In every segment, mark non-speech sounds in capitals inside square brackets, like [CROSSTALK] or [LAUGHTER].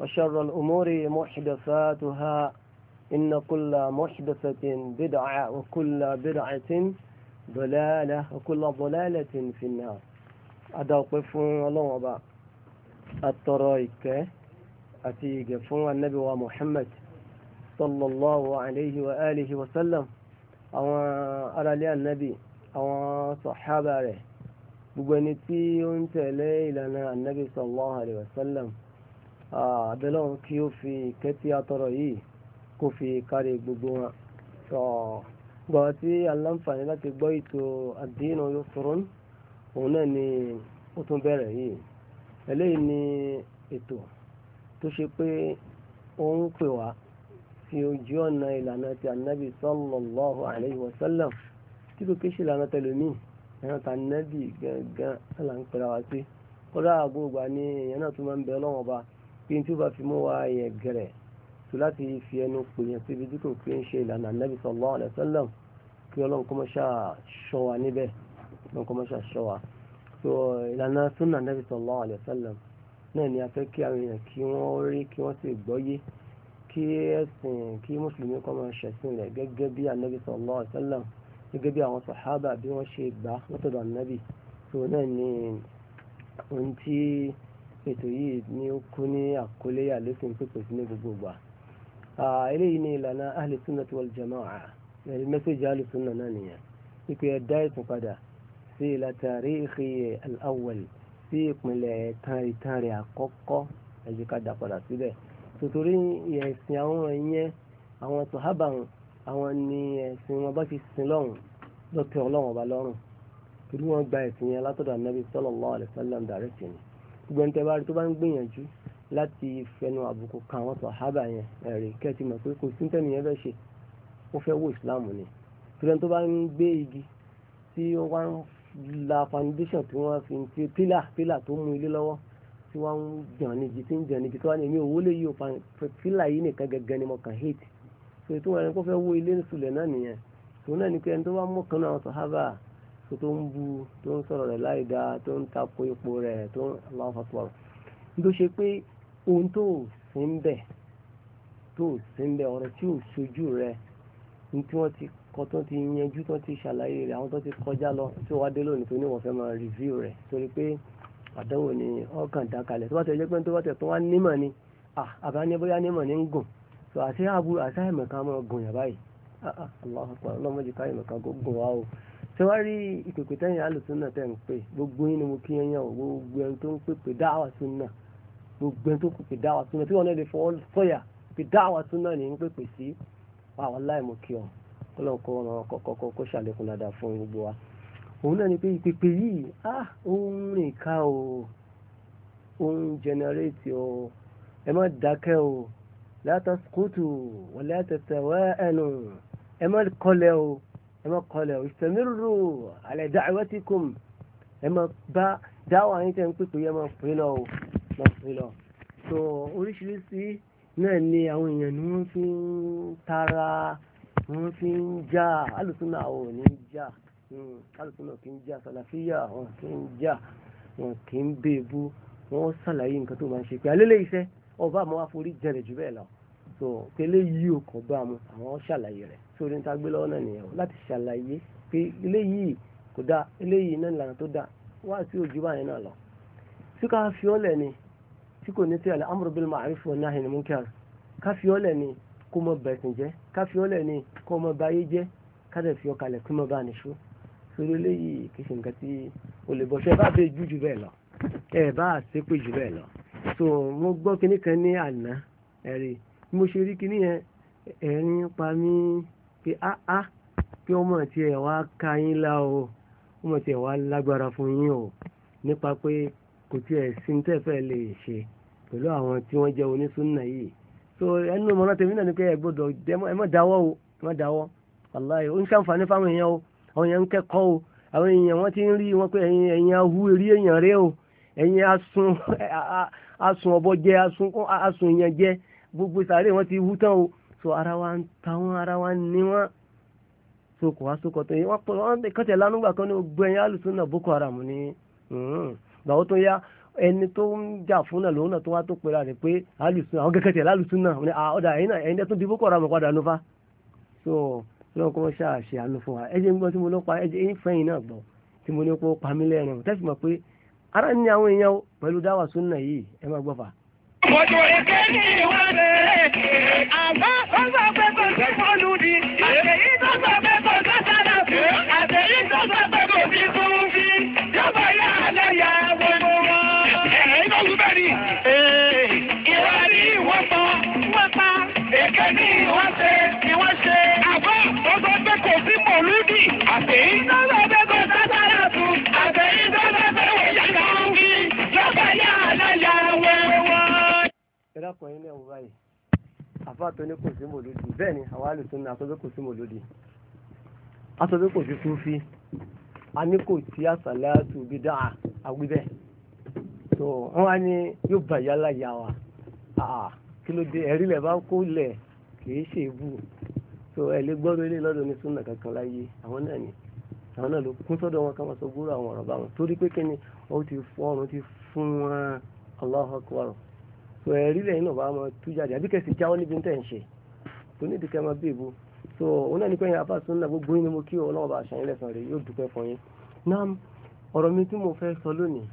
وشر الأمور محدثاتها إن كل محدثة بدعة وكل بدعة ضلالة وكل ضلالة في النار أدوقف قفون الله وبا الترايك أتيك فون النبي ومحمد صلى الله عليه وآله وسلم أو أرى لي النبي أو صحابة له بغنتي أنت لنا النبي صلى الله عليه وسلم àbẹ̀lọ́run kí ó fi ìkẹ́ tí a tọrọ yìí kó fi kárí gbogbo wọn. gbọ́ tí aláǹfààní láti gbọ́ ètò àdínà yusrun òun náà ni ó tún bẹ̀rẹ̀ yìí eléyìí ni ètò tó ṣe pé ó ń pè wá sí ojú ọ̀nà ìlànà ti anabi sallallahu alayhi wa sallam tí kò kéṣe ìlànà tẹlẹmíì ẹ̀rọ ta nẹ́bì gángan là ń pera wá sí kódà gbogbo àní ìyẹn náà tún máa ń bẹ ọlọ́wọ́n ọba pé tí ó bá fi mú wa yẹ gẹrẹ tó láti fi ẹnu pè yẹn síbi tí kò pé ń ṣe ìlànà Nabi sallallahu alaihi wasallam kí ọlọ́run kọ́ mọ́ṣá ṣọ́ wa níbẹ̀ ọlọ́run kọ́ mọ́ṣá ṣọ́ wa so ìlànà sunna Nabi sallallahu alaihi wasallam náà ni a fẹ́ kí àwọn èèyàn kí wọ́n rí kí wọ́n sì gbọ́yé kí ẹ̀sìn kí mùsùlùmí kọ́ máa ṣẹ̀sìn rẹ̀ gẹ́gẹ́ bí anabi sallallahu alaihi wasallam bí àwọn sàhábà bí wọ́n ṣe gbà látọ̀dọ̀ anabi so náà ni ohun tí ètò yìí ni ó kú ní àkólé àlékún pípò sí ní gbogbo ìgbà eléyìí ni ìlànà ahli sunnati wal jamaa ẹ̀rí mẹ́sẹ̀jì ahli sunna náà nìyẹn pípẹ́ ẹ̀dá ìtàn padà sí ila tarihi al-awwal sí ìpínlẹ̀ tánritánri àkọ́kọ́ ẹ̀jẹ̀ ká dà padà síbẹ̀ tòtòrí ẹ̀sìn àwọn ẹ̀yẹn àwọn sàhábà àwọn ni ẹ̀sìn wọn bá ti sin lọ́rùn lọ́tẹ̀ ọlọ́run ọba lọ́rùn torí wọ́n gba ẹ̀sìn yẹn látọ̀dọ̀ anábì sallallahu alaihi wasallam ni gbogbo ẹni tẹ́ bá rí tó bá ń gbìyànjú láti fẹnu àbùkù kan àwọn sàhábà yẹn ẹ̀rìn kẹ́tì mọ̀ pé kò sí tẹ́mi yẹn fẹ́ ṣe ó fẹ́ wọ islam ni tìrẹ tó bá ń gbé igi tí ó wá ń la foundation tí wọ́n fi ń ti pílà pílà tó mú ilé lọ́wọ́ tí wọ́n ń jàn níbi tí ń jàn níbi tí wọ́n ní èmi òwò lè yí o pílà yìí nìkan gẹ́gẹ́ ni mo kàn hate so ètò ẹni kó fẹ́ wó ilé sulẹ̀ náà nìyẹn tòun náà ni pé ẹni tó bá mú kan àwọn sàhábà tó ń bu tó ń sọ̀rọ̀ rẹ̀ láì dáa tó ń tako ipò rẹ̀ tó ń aláfàtúwà ló ṣe pé ohun tó sí ń bẹ̀ tó sí ń bẹ̀ ọ̀rọ̀ tí ò ṣojú rẹ̀ ní tí wọ́n ti kọ́ tó ti yanjú tó ti ṣàlàyé rẹ̀ àwọn tó ti kọjá lọ tí wọ́n á dé lónìí tó ní wọ́n fẹ́ máa rìvíw rẹ̀ torí pé àdánwò ni ọkàn dákalẹ̀ tó bá tẹ̀ jẹ́ pé tó bá tẹ̀ tó wá nímọ̀ ni àbá ní bóyá nímọ̀ ní ń gùn so àti àbúrò àti àìmọ̀ká máa gùn yàrá yìí ah, ah, Allah ọlọ́mọdé ká àìmọ̀ká gùn ṣe wá rí ìpèpè tẹ́yìn alùsùnà tẹ́ ń pè gbogbo yín ni mo kí yẹn o gbogbo ẹni tó ń pèpè dáwà súnà gbogbo ẹni tó pèpè dáwà súnà tí wọn náà lè fọwọ́ sọ̀yà pé dáwà súnà ni ń pèpè sí wallahi mo kí ọ ọlọ́run kọ́ ọ̀ràn kọ́kọ́ kó ṣàlékún dáadáa fún gbogbo wa òun náà ni pé ìpèpè yìí á ah, òun rìn ká o òun jẹnẹrétì o ẹ má dákẹ́ o látàkùtù wọlé àtẹ̀tẹ̀ wẹ́ ẹnu ẹ má kọ́lẹ̀ o ẹ máa kọlẹ̀ istamiru ala da'watikum ẹ máa bá dáwà yín tẹ́ ń pèpè yẹ máa pè lọ o máa pè lọ. tó oríṣiríṣi náà ni àwọn èèyàn ni wọ́n fi ń tara wọ́n fi ń jà alùsùnà àwọn ò ní ń jà hmm, alùsùnà kì ń jà sàlàfíà wọn kì ń jà wọn kì ń bèbú wọn ṣàlàyé nǹkan tó máa ń ṣe pé alẹ́lẹ́ iṣẹ́ ọba àmọ́ wá forí jẹrẹ̀ jù bẹ́ẹ̀ lọ so kele yìí ò kàn bá mu àwọn ṣàlàyé rẹ̀ sórí níta gbé lọ́wọ́ náà nìyẹn o láti ṣàlàyé pé eléyìí kò dáa eléyìí náà lànà tó dáa wá sí ojú báyẹn náà lọ tí ká fi ọ́ lẹ̀ ni tí kò ní sí àlẹ́ amru bil ma'ruf wa nahy anil munkar ká fi ọ́ lẹ̀ ni kó mọ bẹ̀sìn jẹ́ ká fi ọ́ lẹ̀ ni kó mọ báyé jẹ́ ká dẹ̀ fi ọ́ kalẹ̀ kí mọ bá nìṣó sórí eléyìí kì í ṣe nǹkan tí o lè bọ́ ṣe bá bẹ jù jù bẹ́ẹ̀ lọ ẹ bá àṣepé jù bẹ́ẹ̀ lọ so mo gbọ́ kinní kan ní àná ẹ̀rí bí mo ṣe rí kinní yẹn ẹ̀rín pa mí pé áá ah, pé ah, ọmọ tiẹ̀ wá ka yín lá o ọmọ tiẹ̀ wá lágbára fún yín o nípa pé kò tiẹ̀ sí ní tẹ́fẹ́ lè ṣe pẹ̀lú àwọn tí wọ́n jẹ́ onísúnnà yìí so ẹnu mọ́nà tèmi náà ni pé ẹ gbọ́dọ̀ ẹ má dáwọ́ o ẹ má dáwọ́ wàláyé ó ń ṣàǹfààní fáwọn èèyàn o àwọn èèyàn ń kẹ́kọ̀ọ́ o àwọn èèyàn wọ́n ti ń rí wọn pé ẹ̀yin ẹ̀yin ahu eré èèyàn rẹ o ẹ̀yin asun [LAUGHS] asun ọ̀bọ jẹ asun asun èèyàn jẹ gbogbo sàárè wọn ti wú tán o so ara wa ń ta wọn ara wa ń ní wọn so kò wá sókò tó yẹ wọn pọ wọn kọtẹ lánúgbà kan ní gbogbo ẹ̀yin alùsùn náà boko haram ni hmm. gbàwó tó yá ẹni tó ń jà fún náà lòun náà tó wá tó pera rẹ pé alùsùn àwọn kẹkẹ tẹ lálùsùn náà ní ọdà ẹ̀yin náà ẹ̀yin náà tó di boko haram padà ló fa so lọ́wọ́ kọ́ ṣáà ṣe àánú fún wa ẹ jẹ́ ń gbọ́ tí mo lọ pa ẹ jẹ́ ń fẹ́yìn náà gbọ́ tí mo ní kó pa mí lẹ́rìn tẹ́sí mọ̀ pé ara ní àwọn èèyàn pẹ̀lú dáwà sunna yìí ẹ máa gbọ́fà Ọjọ́ ẹ̀kẹ́ ni wọ́n àgbà ọgbà tó ní kò sí mòlódì bẹ́ẹ̀ ni àwọn a sọ pé kò sí súnfí a ní kò sí àsàlátù bídà àwíbẹ̀ tó wọ́n wá ní yóò bà yá láyà wa kí ló dé ẹ̀rí lẹ̀ bá kó lẹ̀ kìí ṣe tó gbọ́dọ̀ ilé lọ́dọ̀ ní súnà kankan láyé àwọn náà ni àwọn náà ló kún sọ́dọ̀ wọn ká máa sọ gbúrò àwọn ọ̀rọ̀ ni ó ti fọ́ ti fún wọn so ẹ̀rí lẹ́yìn náà bá máa tú jáde àbí kẹsì jáwọ́ níbi tẹ̀ ń ṣe tó ní ìdíkẹ́ máa bèèbò so òun náà ní pé yẹn afáàsùn náà gbogbo yín ni mo kí ọlọ́wọ́ bá aṣọ yín lẹ́sàn rẹ̀ yóò dúpẹ́ fún yín náà ọ̀rọ̀ mi tí mo fẹ́ sọ lónìí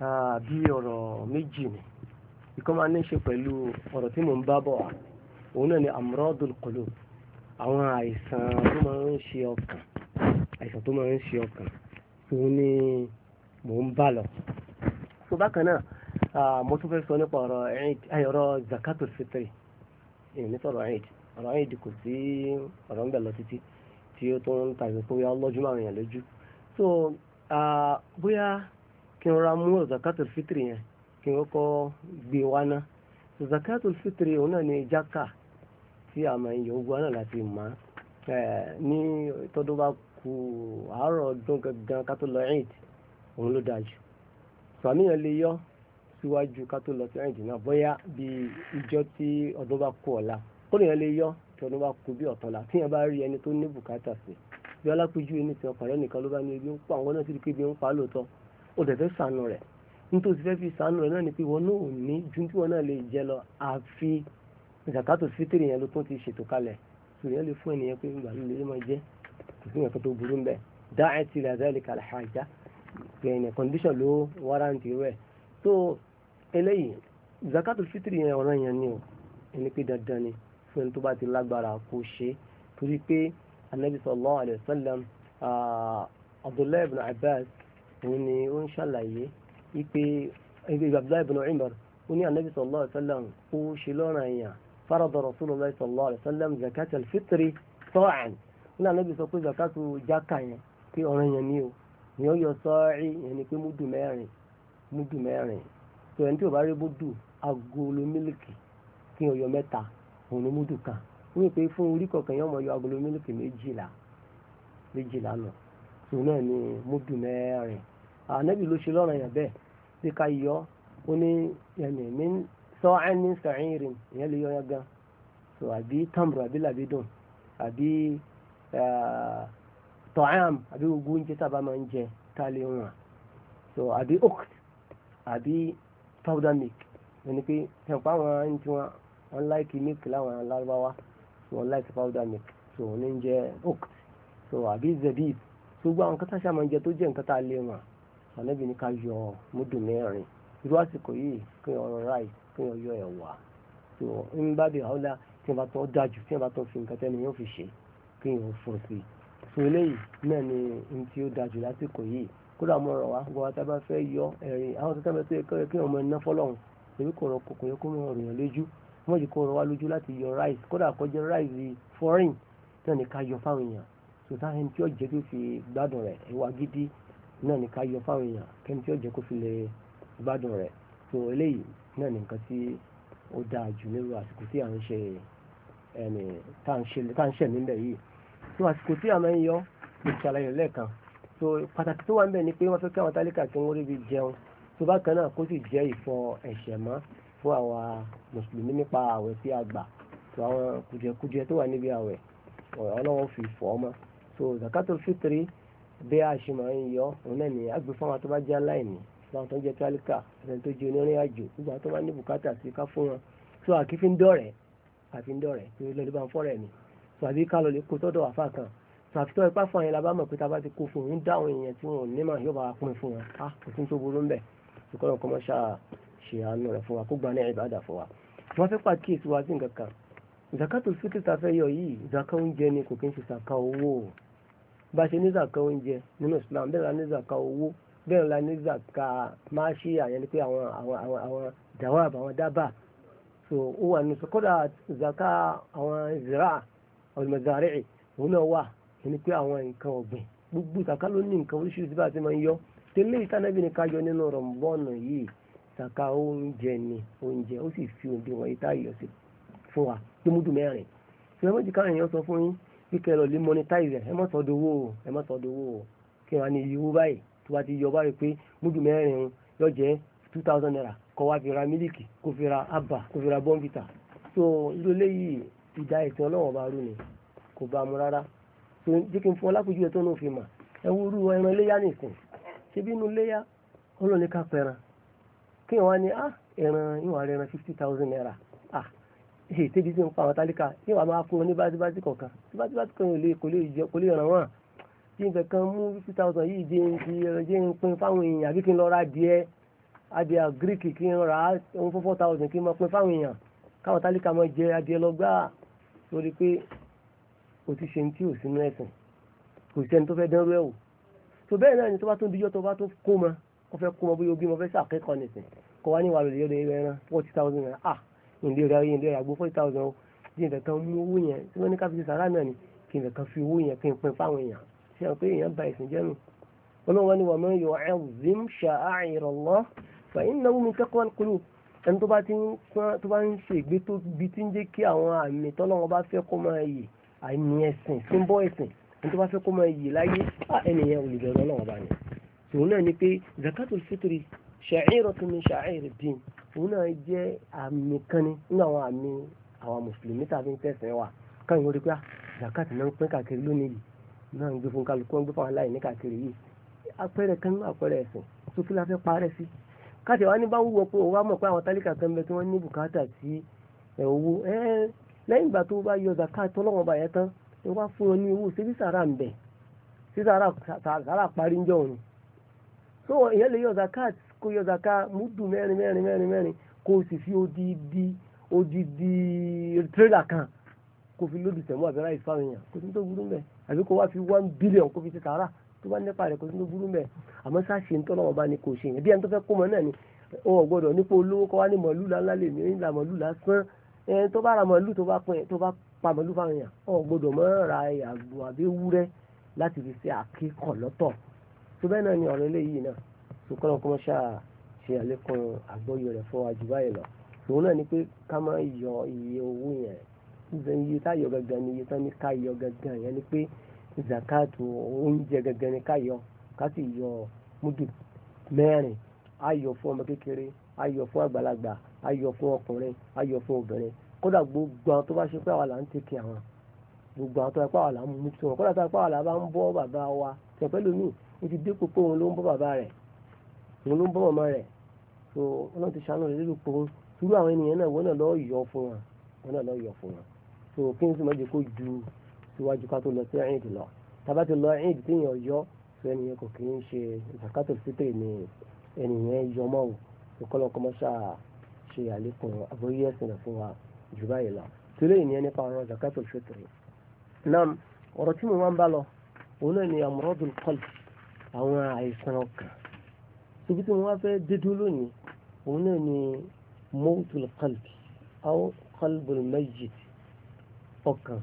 àbí ọ̀rọ̀ méjì ni ìkọ́ máa ní ṣe pẹ̀lú ọ̀rọ̀ tí mò ń bá bọ̀ wá òun náà ni amradul qulub àwọn àìsàn tó máa ń ṣe ọkàn àìsàn tó máa ń ṣe ọkàn òun ni mò ń bákan náà Ah, mo tún fẹ́ sọ nípa ọ̀rọ̀ ẹ̀yìn eh, ọ̀rọ̀ zakato fitri ìní sọ̀rọ̀ ẹ̀yìn ọ̀rọ̀ ẹ̀yìn kò sí ọ̀rọ̀ ń bẹ̀ lọ títí tí ó tó ń tàbí pé ọlọ́jú máa rìnyàn lójú so ah, bóyá kí n ra mú zakato fitri yẹn kí n kọ́kọ́ gbé e wá ná zakato fitri òun náà ni jaka tí a máa ń yọ ogun náà láti mọ̀ eh, ní tọ́dún bá kù àárọ̀ ọdún gangan ká lọ ẹ̀yìn òun ló dájú sàmìyàn lè síwájú ká tó lọ sí ẹ̀rìn dìnnà bóyá bí ìjọ tí ọdún bá kú ọ̀la kó lèèyàn lè yọ tí ọdún bá kú bí ọ̀tọ̀la tíyẹn bá rí ẹni tó ní bùkátà sí bí alápèjú ẹni tí ọkàn rẹ nìkan ló bá ní ebi ń pa àwọn náà ti di pé ebi ń pa lóòótọ́ ó dẹ̀ fẹ́ sànù rẹ̀ nítorí fẹ́ fi sànù rẹ̀ náà ni pé wọn náà ò ní ju tí wọn náà lè jẹ lọ àfi zakato fitiri yẹn ló tún ti ṣètò kalẹ̀ sùnìyàn lè fún ènìyàn pé ìgbà ló lè máa jẹ kò sí nǹkan tó burú mbẹ dáhẹ́ rẹ̀ àdáyẹ̀lẹ̀ kàlẹ́ àjà pé ẹnì kọ́ndíṣàn ló wárántì rẹ̀ tó eléyìí zakatul fitri yẹn ọ̀ràn yẹn ni o ẹni pé dandan ni fún ẹni tó bá ti lágbára kó ṣe torí pé anabi sallallahu alayhi wa sallam abdullahi ibn abbas òun ni ó ń ṣàlàyé ipe abdullahi ibn umar ó ní anabi sallallahu alayhi wa sallam kó ṣe lọ́ràn yẹn farada rasulullah sallallahu alayhi wa sallam zakatul fitri sọ́ọ̀n ní anabi sọ pé zakatul jaka yẹn pé ọ̀ràn yẹn ni o ìyẹn sọ́ọ̀rì yẹn ni pé múdù mẹ́rin múdù mẹ́rin sọ ẹni tí ò bá rí múdù agolo mílìkì kí ọyọ mẹ́ta òun ni múdù kan wọ́n pè fún orí kọ̀ọ̀kan yẹn ọmọ yọ agolo mílìkì méjìlá méjìlá nù tòun náà ni múdù mẹ́rin ànábì ló ṣe lọ́rọ̀ yẹn bẹ́ẹ̀ bí ká yọ ó ní ẹni mi sọ ẹni sọ̀rin rìn ìyẹn lè yọ yẹn gan so àbí tamru àbí làbídùn àbí tọ́ám àbí gbogbo oúnjẹ tá a bá máa ń jẹ tá a lè ràn so àbí okt àbí powder milk ẹni pé ẹ̀pọ̀ àwọn ẹni tí wọ́n wọ́n láìkì milk láwọn alárúbáwá wọ́n láìkì powder milk so wọ́n ń jẹ oat so àbí zebib so gbogbo àwọn kátà sàmà jẹ tó jẹ́ nǹkan tá a lè wọn ànábì ní ká yọ múdù mẹ́rin irú àsìkò yìí kí ọ̀rọ̀ ráì kí wọ́n yọ ẹ̀wà so ń bá bí àwọlá tí wọ́n bá tán dájú tí wọ́n bá tán fi nǹkan tẹ́ni yóò fi ṣe kí wọ́n fọ́ sí i so eléyìí náà ni n tí ó dájú lásìkò yìí kódà mo rọ̀ wá gbọ́ tá a bá fẹ́ yọ ẹ̀rìn àwọn tó tẹ́lẹ̀ tó yẹ kí ọmọ ẹ̀ná fọlọ́hún èmi kò rọ kòkò yẹ kó mọ ọ̀rọ̀ yẹn lójú wọ́n yìí kó rọ wá lójú láti yọ rice kódà kó rice foreign náà ní ká yọ fáwọn èèyàn tó táwọn ẹni tí yóò jẹ́ tó fi gbádùn rẹ̀ ìwà gidi náà ní ká yọ fáwọn èèyàn kẹ́ni tí yóò jẹ́ kó fi lè gbádùn rẹ̀ tó eléyìí náà ní nǹkan tí ó dáa jù nírú àsìkò tí à ń ṣe ẹni tá à ń ṣe níbẹ̀ yìí tó àsìkò tí à ń yọ ìṣàlàyé lẹ́ẹ̀kan so pàtàkì tó wà ń bẹ̀ ni pé wọ́n fẹ́ kí àwọn tálíkà kí wọ́n rí ibi jẹun tó bá kan náà kó sì jẹ́ ìfọ ẹ̀ṣẹ̀ mọ́ fún àwa mùsùlùmí nípa àwẹ̀ tí a gbà tó àwọn kùjẹkùjẹ tó wà níbi àwẹ̀ ọlọ́wọ́ fi fọ́ ọmọ so zakatul fitri bí a ṣe máa ń yọ òun náà ni àgbẹ̀ fún àwọn tó bá jẹ́ aláìní láwọn tó ń jẹ́ tálíkà ẹni tó jẹ́ onírìn àjò so àkífíndọ̀rẹ́ àfíndọ̀rẹ́ pé lọ́dún bá so àbí ká lọ lè kó tọ́dọ̀ sàfitọ́ ipá fún àyẹ̀lá bá mọ̀ pé tábà ti kó fún un dá àwọn èèyàn tí wọn ò ní mà yóò bá wa pín fún wọn á ah, kò tún tó burú mbẹ̀ ìkọlọ̀ kọ́ mọ́ ṣáà ṣe àánú rẹ̀ fún wa kó gba ní ìbàdà fún wa. wọ́n fẹ́ pàkíyèsí wa sí nǹkan kan zakatul fitr ta fẹ́ yọ yìí zaka oúnjẹ ni kò kí n ṣe zaka owó o bá ṣe ní zaka oúnjẹ nínú Islam bẹ́ẹ̀ la ní zaka owó bẹ́ẹ̀ la ní zaka máṣí àyẹn pé àwọn àwọn àwọn àwọn jawab àwọn dábà so ó wà ní sọkọ́dà zira ọ̀dùnmọ̀zàrẹ́ẹ̀ òun náà wà ẹni pé àwọn nǹkan ọ̀gbìn gbogbo ìtàkà ló ní nǹkan oríṣiríṣi bá a ti máa ń yọ tẹ́lẹ̀ ìtànẹ́bí ni ká yọ nínú rọ̀mùbọ́ọ̀nù yìí ìtàkà oúnjẹ ni oúnjẹ ó sì fi òde wọ̀nyí tá a sí fún wa pé múdù mẹ́rin ṣùgbọ́n méjì káwọn èèyàn sọ fún yín bí kẹ́ lè monetize ẹ mọ́ sọ́dọ̀ owó o ẹ mọ́ sọ́dọ̀ owó o kí wọ́n á ní iye owó báyìí tó bá ti yọ báyìí pé múdù mẹ́rin yọ jẹ́ two thousand naira kọ́ wá fi ra mílíkì kó fi ra àbà kó fi ra bọ́ǹbìtà so irú eléyìí ìdá ìtàn ọlọ́wọ́n bá rú ni kò bá mu rárá jẹ́ kí n fún ọ lápòjú ẹ tó náà fi mà ẹ wo irú ẹran iléyà nìsín ṣé bí inú iléyà ọlọ́ni ká pẹran kí wọ́n á ah ẹran ìwà rẹ̀ ẹran fifty thousand naira ah èyí tẹ́bi tí ń pa àwọn tálíkà ìwà máa fún wọn ní bátibátì kọ̀ọ̀kan bátibátì kan kò lè jẹ kò lè ràn wọ́n tí nǹkan kan mú fifty thousand yìí jẹ́ ń fi ẹran jẹ́ ń pín fáwọn èèyàn àbí kí n lọ ra adìẹ adìẹ greek kí n ra ohun four thousand kí n máa pín fáwọn èèyàn káwọn tálíkà máa jẹ adìẹ lọ gbáà lórí pé o ti ṣe tí ò sínú ẹ̀sìn kò sí ẹni tó fẹ́ dánrú ẹ̀ wò tó bẹ́ẹ̀ náà ni tó bá tún díjọ́ tó bá tún kó ma kó fẹ́ kó ma bóyá ogi ma fẹ́ sàkẹ́kọ̀ọ́ nìsín kó wá ní wàá lòdì lórí ẹran forty thousand naira ah ìdí rẹ ìdí rẹ àgbo forty thousand o kí n kankan mú owó yẹn tí wọ́n ní ká sàrà náà ni kí n kankan fi owó yẹn kí n pin fáwọn èèyàn ẹni tó bá ń ṣègbè tó bi ti ń jẹ́ kí àwọn àmì tọ́lọ́wọ́n bá fẹ́ kó máa yìí àmì ẹ̀sìn tí ń bọ́ ẹ̀sìn ẹni tó bá fẹ́ kó máa yè láyé ẹnìyẹn olùbẹ̀rù ọlọ́wọ́ bá ní. tòun náà ni pé zakatul fitri sha'iratun min sha'airi din òun náà jẹ́ àmì kan ní nínú àwọn àmì àwọn mùsùlùmí tàbí tẹ̀sán wa káyọ̀ wọ́n pé ah, zakat náà ń pín káàkiri lónìí yìí náà ń gbé fún kálukú ń gbé fún aláìní káàkiri yìí àpẹẹrẹ kan ní àpẹẹrẹ ẹ̀sìn tó kí la fẹ́ parẹ́ sí káàtì wa ní bá wúwo pé òun wá mọ̀ pé àwọn tálíkà kan bẹ tí wọ́n ní bùkátà sí owó lẹ́yìn ìgbà tó bá yọ zaka tọ́lọ́wọ́n bá yẹ tán ẹ wá fún ọ ní owó síbí sàrà ń bẹ̀ sí sàrà parí ń jọ òun tó ìyẹn lè yọ zaka kó yọ zaka múdù mẹ́rin mẹ́rin mẹ́rin mẹ́rin kó o sì fi odidi odidi tírélà kan kó fi lódì tẹ̀mú àbẹ́rẹ́ ìfáwọn èèyàn kó tó tó burú mẹ́ àbí kó wá fi one billion kó fi ti sàrà tó bá nípa rẹ̀ kó tó tó burú mẹ́ àmọ́ sáṣe ń tọ́lọ́wọ́n bá ní kò ṣe yẹn bí ẹni tó ni ọ̀ gbọ́dọ̀ nípa olówó kọ́ wá ní mọ̀lúlá ńlá lè ẹ tó bá ra màálù tó bá pín tó bá pa màálù fáwọn èèyàn ọ̀ gbọ́dọ̀ mọ́ ra àgbò àbí ewúrẹ́ láti fi ṣe àkíkọ̀ lọ́tọ̀ tó bẹ́ẹ̀ náà ni ọ̀rọ̀ eléyìí náà tó kọ́ lọ́kọ́ ṣáà ṣe àlékún àgbọ́yé rẹ̀ fún wa jù báyìí lọ tòun náà ni pé ká má yọ iye owó yẹn ìzẹ̀ iye tá yọ gangan ni iye tán ní ká yọ gangan yẹn ni pé zakato oúnjẹ gangan ni ká yọ ká sì yọ múdù mẹ́rin á yọ fún ọmọ kékeré ayọ̀ fún àgbàlagbà ayọ̀ fún ọkùnrin ayọ̀ fún obìnrin kódà gbogbo àwọn tó bá ṣe pé àwọn là ń tètè àwọn gbogbo àwọn tó bá pé àwọn là ń mú tí wọn kódà tó bá pé àwọn là bá ń bọ́ bàbá wa tẹ̀pẹ́ lómi ó ti dé pípé òun ló ń bọ́ bàbá rẹ̀ òun ló ń bọ́ màmá rẹ̀ so ọlọ́run ti ṣàánú rẹ̀ lórí pé irú àwọn ènìyàn náà wọ́n náà lọ́ọ́ yọ fún wọn wọ́n náà lọ́ọ́ yọ fún wọn so kí n sì má jẹ́ kó ju síwájú ká tó lọ sí ẹ̀yìn ìdìlọ tàbá ti lọ ẹ̀yìn ìdìtìyàn yọ so ẹnìyẹn kò kí ń ṣe ìsàkátò fítìrì ni ẹnìyẹn yọmọ́ o ìkọlọ̀ kọmọ́ṣà ṣe àlékún àgbóyé ẹ̀sìn fún wa jù báyìí lọ tí lè ní ẹni pa ọ̀rọ̀ zakatul fitri nam ọ̀rọ̀ tí mo máa ń bá lọ òun náà ni amradul qalb àwọn àìsàn ọkàn síbi tí mo wá fẹ́ dédú lónìí òun náà ni mawtul qalb aw qalbul mayyit ọkàn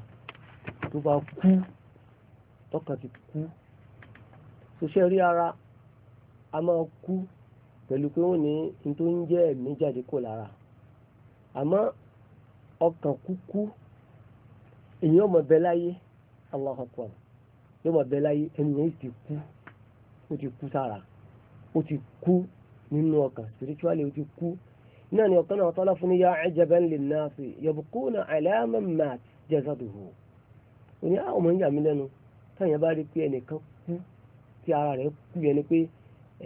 tó bá kú tọkàn kú ṣoṣẹ́ rí ara a máa kú pẹ̀lú pé wọ́n ní n tó ń jẹ́ ẹ̀mí jáde kò lára àmọ́ ọkàn kúkú èyí ọmọ bẹ láyé Allahu Akbar yóò mọ bẹ láyé ẹni yẹn ti kú ó ti kú sára ó ti kú nínú ọkàn spiritually ó ti kú náà ni ọ̀kan náà tọ́lá fún yá ajaban linnasi yabquna ala man mat jasaduhu ó ní àwọn ah, ọmọ yàmí lẹ́nu táyà bá rí pé ẹnìkan kú tí ara rẹ̀ kú yẹn ni pé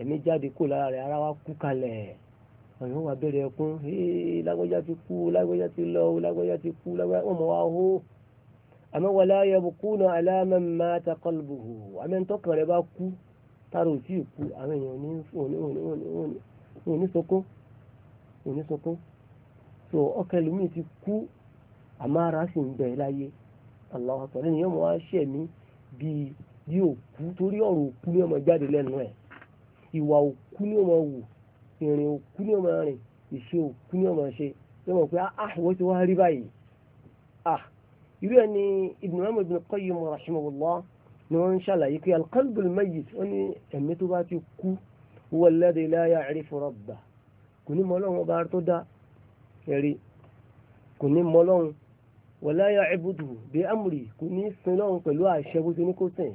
ẹ̀mí jáde kó lára rẹ̀ ara wa kú kalẹ̀ ọ̀nà wa bẹ̀rẹ̀ ẹkún lágbájá ti kú lágbájá ti lọ lágbájá ti kú lágbájá wọn mọ̀ wá hó àmọ́ wọn láyé kú náà aláàmà máa ta kọlùbù hù àmì ntọ́kàn rẹ̀ bá kú tààrà òtí ìkú àwọn èèyàn ní oníṣokún oníṣokún so ọkàn ẹlòmíì ti kú àmọ́ ara sì ń bẹ láyé aláwọ̀ sọ̀rọ̀ ènìyàn mọ̀ wá ṣẹ̀mí bíi yóò kú torí ọ̀rọ̀ òkú ni ọmọ jáde lẹ́nu ẹ̀ ìwà òkú ni ó máa wù ìrìn òkú ni ó máa rìn ìṣe òkú ni ó máa ṣe yóò mọ̀ pé ah, ah wọ́n ti wá rí báyìí ah irú ẹ̀ ni Ibn Muhammad ibn Qayyim rahimahullah ni wọ́n ń ṣàlàyé pé alqalbul mayyit wọ́n ní ẹ̀mí tó bá ti kú huwa alladhi la ya'rifu rabbahu kò ní mọ Ọlọ́run ọba tó dá ẹ̀rí kò ní mọ Ọlọ́run wala ya'buduhu bi amri kò ní sin pẹ̀lú àṣẹ bó ti ní kó sìn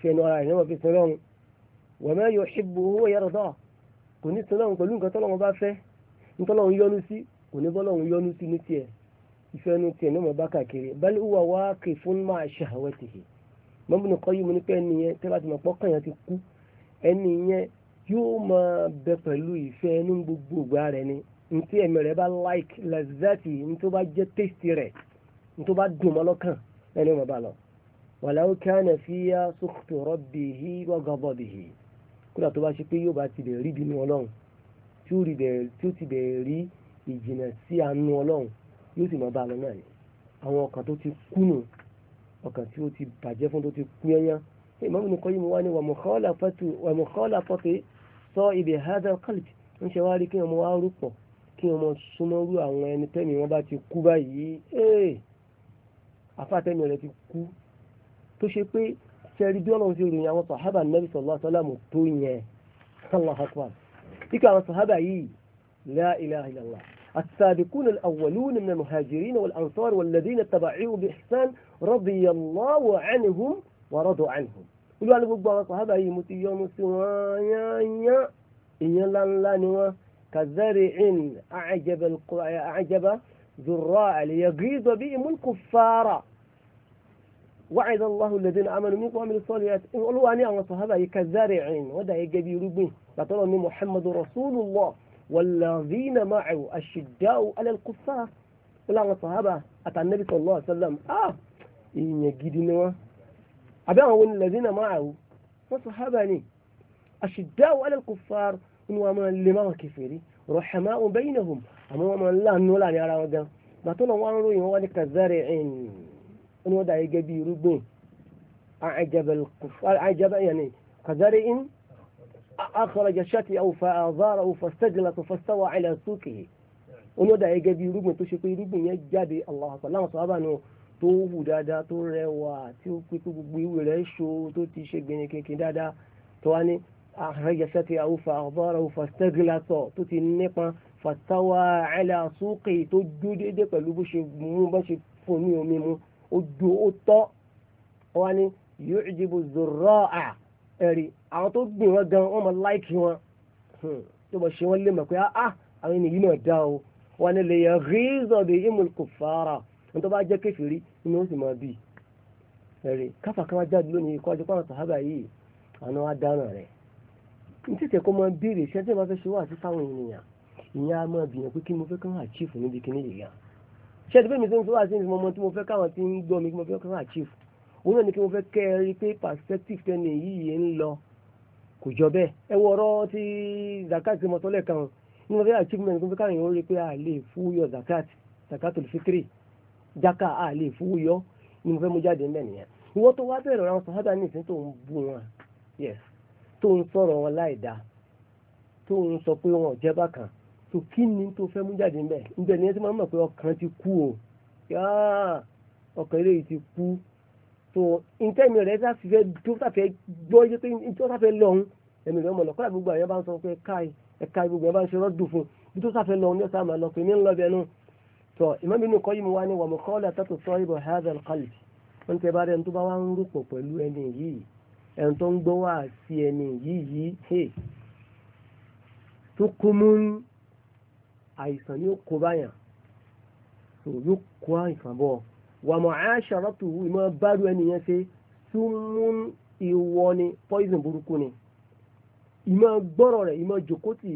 fẹnu ara rẹ̀ náà fi sin wama yuhibbuhu wa yardah kò ní sọlọ́run pẹ̀lú nǹkan tọ́lọ́run bá fẹ́ ntọ́lọ́run yọ́nú sí kò ní bọ́lọ́run yọ́nú sí ní tiẹ̀ ìfẹ́ nu tiẹ̀ ní ọmọ bá kàkiri bal huwa waqifun ma'a shahawatihi mọ́mú nìkan yìí mo ní pé ẹni yẹn tẹ́lá ti mọ̀ pọ́ kàyàn ti kú ẹni yẹn yóò máa bẹ pẹ̀lú ìfẹ́ ní gbogbo ìgbà rẹ̀ ni ntí ẹ̀mí rẹ̀ bá like lazati ntó bá jẹ́ taste rẹ̀ ntó bá dùn mọ́ lọ́kàn ẹni ọmọ bá lọ. walau kana fiya sukhtu rabbihi wa ghadabihi kódà tó bá ṣe pé yóò bá ti bẹ̀ rí bínú ọlọ́run tí ó ti bẹ̀ rí ìjìnà sí àánú ọlọ́run yóò sì máa bá a lọ náà ni àwọn ọkàn tó ti kùnù ọkàn tí ó ti bàjẹ́ fún tó ti kú yányán ìmọ̀ mi nìkan yìí mo wá ní wàmùkọ́lá pọ́tẹ́ sọ ibi hadha qalbi ń ṣe wá rí kí wọn wá rúpọ̀ kí wọn súnmọ́rú àwọn ẹni tẹ́mi wọn bá ti kú báyìí afátẹ́mi rẹ̀ ti kú tó ṣe pé شاري دولا وسير يا وصحاب النبي صلى الله عليه وسلم الدنيا الله أكبر إيكا وصحاب أي لا إله إلا الله السابقون الأولون من المهاجرين والأنصار والذين اتبعوا بإحسان رضي الله عنهم ورضوا عنهم ولو أنا بقول بقى صحاب أي متيون سوايا يا يا يا لا لا نوا كزرع أعجب القرى أعجب ذراع ليغيظ بهم الكفار wa'ada Allahu alladhina amanu minkum wa amilu salihati olúwa ní àwọn sàhábà yìí kazari'in wọ́n dà gẹ́gẹ́ bí irúgbìn bàtọ́lọ́ ní muhammadu rasulullah walladhina ma'ahu ashidda'u 'ala al-kuffar olú àwọn sàhábà àtànẹ́bí sallallahu alaihi wasallam ah ìyẹn gidi ni wọ́n àbí àwọn wọn alladhina ma'ahu wọ́n sàhábà ni ashidda'u 'ala al-kuffar inú wa máa lè máa kèfèrí rahma'u bainahum àmọ́ wọn máa láàánú láàrin ara wọn gan ó ní wọ́n dà gẹ́gẹ́ bí irúgbìn àìjẹbẹ yẹn ni kàdárí in akhraja shati'ahu fa azarahu fastaghlata fastawa ala suqihi ó ní wọ́n dà gẹ́gẹ́ bí irúgbìn tó ṣe pé irúgbìn yẹn jáde Allahu akbar láwọn sọ̀rọ̀ àbánu tó wù dáadáa tó rẹwà tí ó pé kó gbogbo ìwé rẹ̀ ṣo tó ti ṣe gbìnìkìnkì dáadáa tó wá ní akhraja shati'ahu fa azarahu fastaghlata tó ti nípa fàtàwà ala suqi tó dúdédé pẹ̀lú bó ṣe mú bá ṣe fún ní omi mu ojú ó tọ́ wọn ni yu'jibu zurra'a ẹ̀rí àwọn tó gbìn wọn gan wọn mọ láìkì wọn tó mọ ṣe wọn lé mọ̀ pé ah, ah àwọn ènìyàn náà dá o wọn ni lè yàn rízọ̀ bí imul kuffara ní tó bá jẹ́ kéfìrí inú ó sì máa bì ẹ̀rí káfà kan wá jáde lónìí kọ́jú pàrọ̀ sàhábà yìí àná wá dáná rẹ̀ ní kó máa béèrè iṣẹ́ tí fẹ́ ṣe wà sí fáwọn ènìyàn ìyẹn á máa bìyàn kí mo fẹ́ kí wọ́n àchífù níbi kíní yìí gan ṣé ẹni pé mi tó ń fi wá sí ìmọ̀ ọmọ tí mo fẹ́ káwọn ti ń gbọ́ mi tí mo fẹ́ káwọn àchieve òun náà ni kí mo fẹ́ kẹ́ ẹ rí pé perspective tẹ́ni yìí ń lọ kò jọ bẹ́ẹ̀ ẹ wọ ọ̀rọ̀ tí zakat mo sọ lẹ́ẹ̀kan ní mo fẹ́ achievement tó fẹ́ káwọn èèyàn rí pé a lè fúyọ zakat zakatul fitri jaka a lè fúyọ ni mo fẹ́ mú jáde ńbẹ nìyẹn ìwọ́n tó wá bẹ̀rẹ̀ ọ̀rọ̀ àwọn sàhábà ní ìsìn tó ń bú wọn yes tó ń sọ̀rọ̀ wọn láì dáa tó ń sọ pé wọn ò jẹ́ bákan So kí ni tó fẹ́ mú jáde ńbẹ̀ ńbẹ̀ ni ẹ ti máa ń mọ̀ pé ọkàn ti kú o yáà ọkàn eléyìí ti kú tó ntẹ́mi rẹ̀ tó fẹ́ tó fẹ́ gbọ́ yé pé tó fẹ́ lọ́hún ẹ̀mí rẹ̀ mọ̀ lọ kọ́lá gbogbo àyàn ń sọ pé káì ẹ̀ka gbogbo àyàn ń ṣe rọ́dù fún bí tó fẹ́ lọ́hún ní ọ̀sán àmà lọ pé ní ńlọ bẹnu tó Imam Ibn Qayyim wa ni wàmú kọ́lá tó sọ ibò hadhal qalb wọ́n ti bá rẹ̀ tó bá wá ń rúpọ̀ pẹ̀lú ẹni yìí ẹni tó ń gbọ́ wá sí ẹni àìsàn ni ó kó báyàn tó yóò kó àìsàn bọ̀ wà mọ̀ aṣàrọ́tù ìmọ̀ bárú ẹni yẹn ṣe súnmún ìwọ ni poison burúkú ni ìmọ̀ gbọ́rọ̀ rẹ̀ ìmọ̀ jòkótì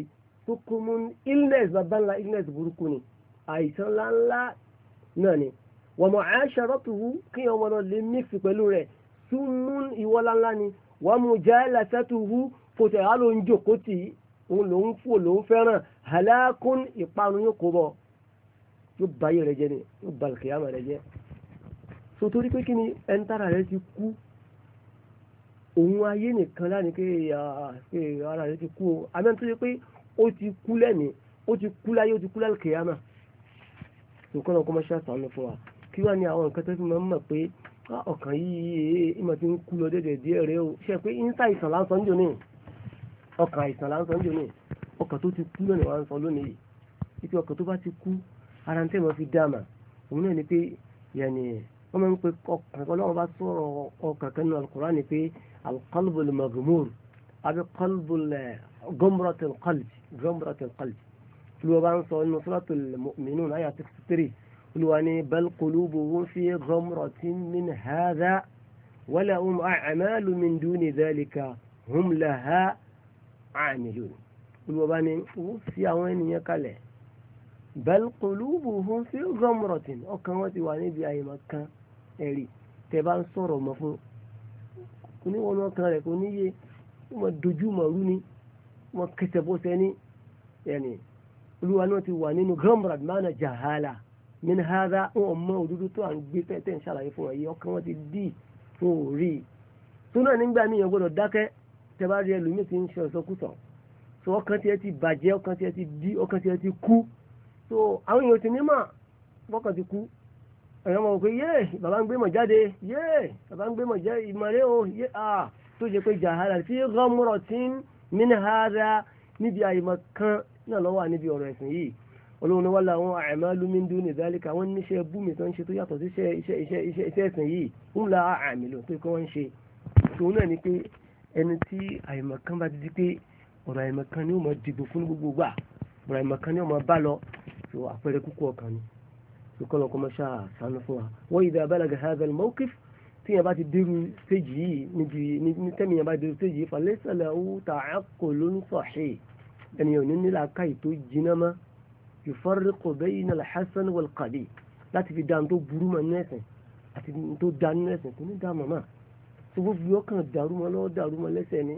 sukumun illness babanla illness burúkú ni àìsàn ńláńlá náà ni wà mọ̀ aṣàrọ́tù kí ọmọ náà lè mix pẹ̀lú rẹ̀ súnmún ìwọ ńláńlá ni wà mọ̀ jẹ́ làṣẹ́tù fòtẹ̀ àlọ́ ń jòkótì òun lòun fò lòun fẹ́ràn halakun ìparun yóò kó bọ̀ yóò ba ayé rẹ jẹ ni yóò ba kìyàmà rẹ jẹ so torí pé kí ni ẹni tára rẹ ti kú òun ayé nìkan lánìí pé ara rẹ ti kú o àmì ẹni tó ṣe pé ó ti kú lẹ́ni ó ti kú láyé ó ti kú láyé kìyàmà nǹkan náà kó máa ṣàtàánú fún wa kí wàá ní àwọn nǹkan tó fi máa ń mọ̀ pé ah, ọkàn yìí ìmọ̀ ti ń kú lọ dédé díẹ̀ rẹ o ṣe pé inside lásán jò ní ọkàn àìsàn là ń sọ níjọ́ ní ọkàn tó ti kú lónìí wà ń sọ lónìí yìí wípé ọkàn tó bá ti kú ara ń tẹ̀mọ́ fi dáàmà òun náà ni pé yẹnì wọ́n máa ń pe ọkàn ọlọ́run bá sọ̀rọ̀ ọkàn kan nínú Al-Qur'an ni pé al-qalbul maghmur àbí qalbul ghamratul qalbi ghamratul qalbi olùwà bá ń sọ nínú suratul mu'minun àyà sixty three olùwà ni bal qulubuhum fi ghamratin min hadha wa lahum a'malu min duni dhalika hum àmìlò olùwọ́ba ni fowó sí àwọn ènìyàn kalẹ̀ bal qulubuhum fi ghamratin ọkàn wọn ti wà níbi àyèmọ̀ kan ẹ̀rí tẹ́ bá ń sọ̀rọ̀ mọ́ fún kò ní wọn ọkàn rẹ̀ kò ní yé kó mọ dojú mọ̀ rú ni kó mọ kẹsẹ̀ bó sẹ́ni ẹ̀ní olùwà náà ti wà nínú ghamrat mana jahala min hadha wọn mọ òdodo tó à ń gbé tẹ́tẹ́ ń ṣàlàyé fún ọ tẹ́bá rí ẹlòmíì ti ń ṣe ọ̀sọ́kùsọ̀ so ọkàn tiẹ̀ ti bàjẹ́ ọkàn tiẹ̀ ti dí ọkàn tiẹ̀ ti kú so àwọn èèyàn ti ní mà bọ́kàn ti kú ẹ̀yàn mọ̀ pé yé bàbá ń gbé mọ̀ jáde yé bàbá ń gbé mọ̀ jẹ́ ìmọ̀lẹ́ o yé a tó ṣe pé jàhálà tí rọmọrọ ti ń mìnhàrà níbi àyèmọ̀ kan náà lọ́wọ́ níbi ọ̀rọ̀ ẹ̀sìn yìí olóhùn wọn làwọn àmàlù min duni dhalika àwọn níṣẹ́ búmi tó ń ṣe tó yàtọ̀ sí iṣẹ́ ẹ̀sìn yìí ń àmì lò tó kọ́ ń ṣe tòun náà ni pé ẹni tí àìmọ̀kan bá ti di pé ọ̀rọ̀ àìmọ̀kan ni ó máa dìbò fún gbogbo gbà ọ̀rọ̀ àìmọ̀kan ni ó máa bá lọ tó àpẹẹrẹ kúkú ọkàn ni tó kọ́ lọ́kọ́ máa ṣàṣàánú fún wa wọ́n ìdá abálàgà hazel mokif tí yẹn bá ti dérú stéèjì yìí níbi ní tẹ́mi yẹn bá dérú stéèjì yìí falẹ́sẹ̀lẹ̀ owó ta àkọ́ ló ń tí gbogbo yọ kàn dàrú mọ́ lọ́wọ́ dàrú mọ́ lẹ́sẹ̀ ni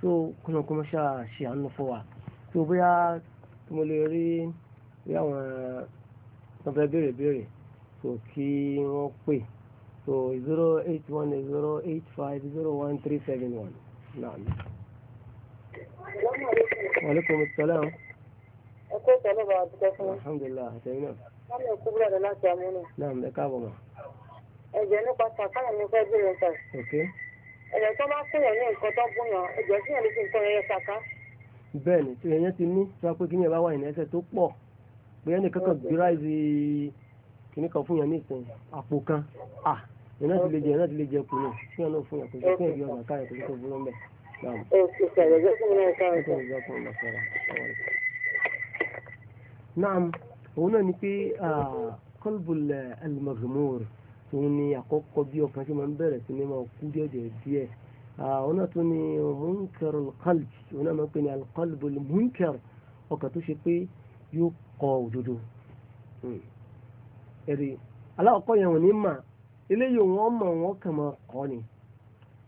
tó kọ́nàkọ́nà ṣáà ṣe àánú fún wa tó bóyá tí mo lè rí bí àwọn wọn fẹ́ béèrè béèrè tó kí wọ́n pè tó zero eight one zero eight five zero one three seven one náà ni. Wàlékùn sálàm. Ẹ kó sọ̀rọ̀ bá a dúpẹ́ fún mi. Alhamdulilah, àtẹ̀yìn náà. Wọ́n lè kú búrọ̀dọ̀ láti amúnà. Náà, ẹ káàbọ̀ mọ́ ẹ̀jẹ̀ nípa sàkáyà ní fẹ́ bẹ̀rẹ̀ sà. ẹ̀jẹ̀ tó bá fúnyàn ní nǹkan tó gúnyàn ẹ̀jẹ̀ fúnyàn ló fi nǹkan yẹn sàká. bẹ́ẹ̀ ni tíyẹn yẹn ti ní tí wọ́n pé kí ni ẹ̀ bá wà ní ẹsẹ̀ tó pọ̀ pé ẹnì kankan gbéra ìsì kìíní kan fúnyàn ní ìsìn àpò kan à iná ti lè jẹ iná ti lè jẹ kùnú fúnyàn náà fúnyàn kò sí fúnyàn bí ọ̀nà káyọ̀ naam òun náà ni pé kọlbùl almagmur tòun ni àkọ́kọ́ bí ọkàn ṣe máa ń bẹ̀rẹ̀ sí ni máa kú díẹ̀ díẹ̀ àwọn náà tún ni munkar alqalb òun náà máa ń pè ní alqalb munkar ọkàn tó ṣe pé yóò kọ òdodo hmm. ẹ̀rí aláwọ̀kọ́ yẹn wọ́n ní mà eléyìí wọ́n mọ̀ wọ́n kàn máa kọ́ ni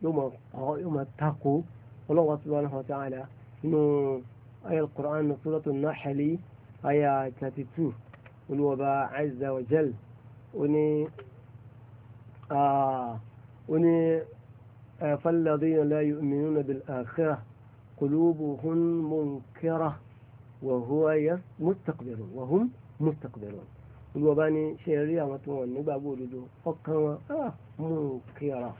yóò máa kọ́ yóò máa takò ọlọ́wọ́ subhanahu wa ta'ala nínú ayé al-Qur'an suratul ayé thirty two olùwọ́ba azza ó ní ó ní falladhina la yu'minuna bil akhirah qulubuhum munkirah wa huwa mustaqbirun wa hum mustaqbirun gbogbo ọba ni ṣe rí àwọn tí wọn nígbàgbọ́ òdodo ọkàn wọn munkira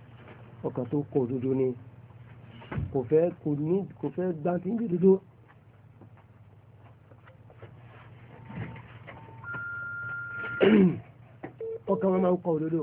ọkàn tó kọ òdodo ni kò fẹ́ kò ní kò fẹ́ gbá tí ń di òdodo. ọkàn wọn máa ń kọ òdodo.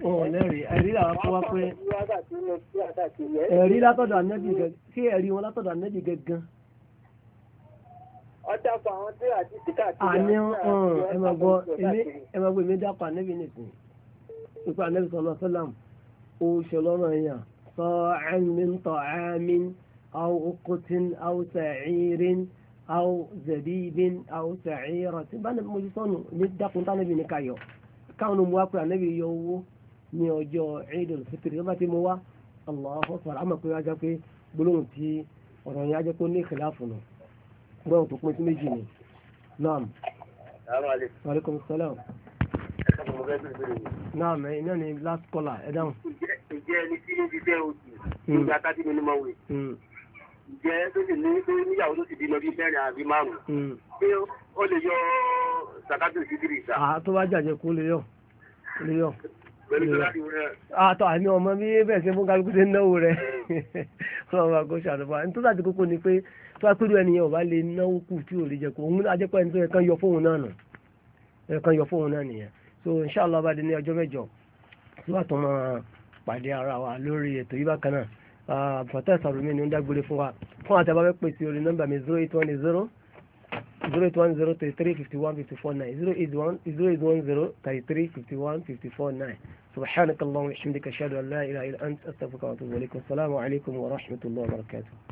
wọn lẹ́rì ẹ̀rí àwọn tó wá pé ẹ̀rí látọ̀dọ̀ anẹ́bì gẹ́gẹ́ sí ẹ̀rí wọn látọ̀dọ̀ anẹ́bì gẹ́gẹ́ ọjà fún àwọn tí àti títà tí àní ẹmọ̀gbọ́ ẹmọ̀gbọ́ èmi dápọ̀ anẹ́bì nìkan ìpè anẹ́bì sọlọ sọlám ó ṣe lọ́rọ̀ èèyàn sọ ẹ̀mìn tọ̀ ẹ̀mìn àwọn okòtín àwọn sẹ̀ẹ̀rin àwọn zẹ̀bíbin àwọn sẹ̀ẹ̀rọ̀ tí bá nẹ́bì mo ti sọnù ní dákun tánẹ́bì ní káyọ̀ káwọn ọmọ wa pé anẹ́bì yọ owó ní ọjọ́ Eidul Fitri lọ́ba tí mo wá Allahu Akbar àmọ́ pé wájá pé gbólóhùn tí ọ̀rọ̀ yẹn ajẹ́ pé ó ní ìkìláàfù nù gbọ́dọ̀ tó pín sí méjì ni naam. maaleykum salaam. naam ẹ̀yin náà ni last caller ẹ dáhùn. ǹjẹ́ ẹni tí mo ti fẹ́ oṣù nígbà hmm. tá a ti mímọ́ wẹ̀ hmm. ǹjẹ́ tó sì ní pé níyàwó tó ti di lọ bí mẹ́rin àbí márùn-ún pé hmm. ó lè yọ sàkátù sí kiri ìta. àá tó bá jàjẹ kó lè yọ lè yọ àtọ́ ah, àní ọmọ bí bẹ́ẹ̀ ṣe fún kálukú ṣe náwó rẹ̀ [LAUGHS] ọlọ́run àgọ́ ṣàdùbà ní tó láti kókó ni pé tó bá pẹ́rù ẹnìyẹn ò bá lè náwó kù tí ò lè jẹ kó òun ajẹ́pọ̀ ẹni tó yẹ kán yọ fóun náà nù yẹ kán yọ fóun náà nìyẹn so inshàlá bá di ní ọjọ́ mẹ́jọ tí wàá tó máa pàdé ara wa lórí ètò yìí bákan náà ah, bàtà ìsàrùmí ni ó ń dágbére fún wa fún àtàbáwẹ́ pèsè orí nọ́mbà mi zero zero eight one zero thirty three fifty one fifty four nine zero eight one zero eight one zero thirty three fifty one fifty four nine سبحانك اللهم وبحمدك أشهد أن لا إله إلا أنت أستغفرك وأتوب إليك والسلام عليكم ورحمة الله وبركاته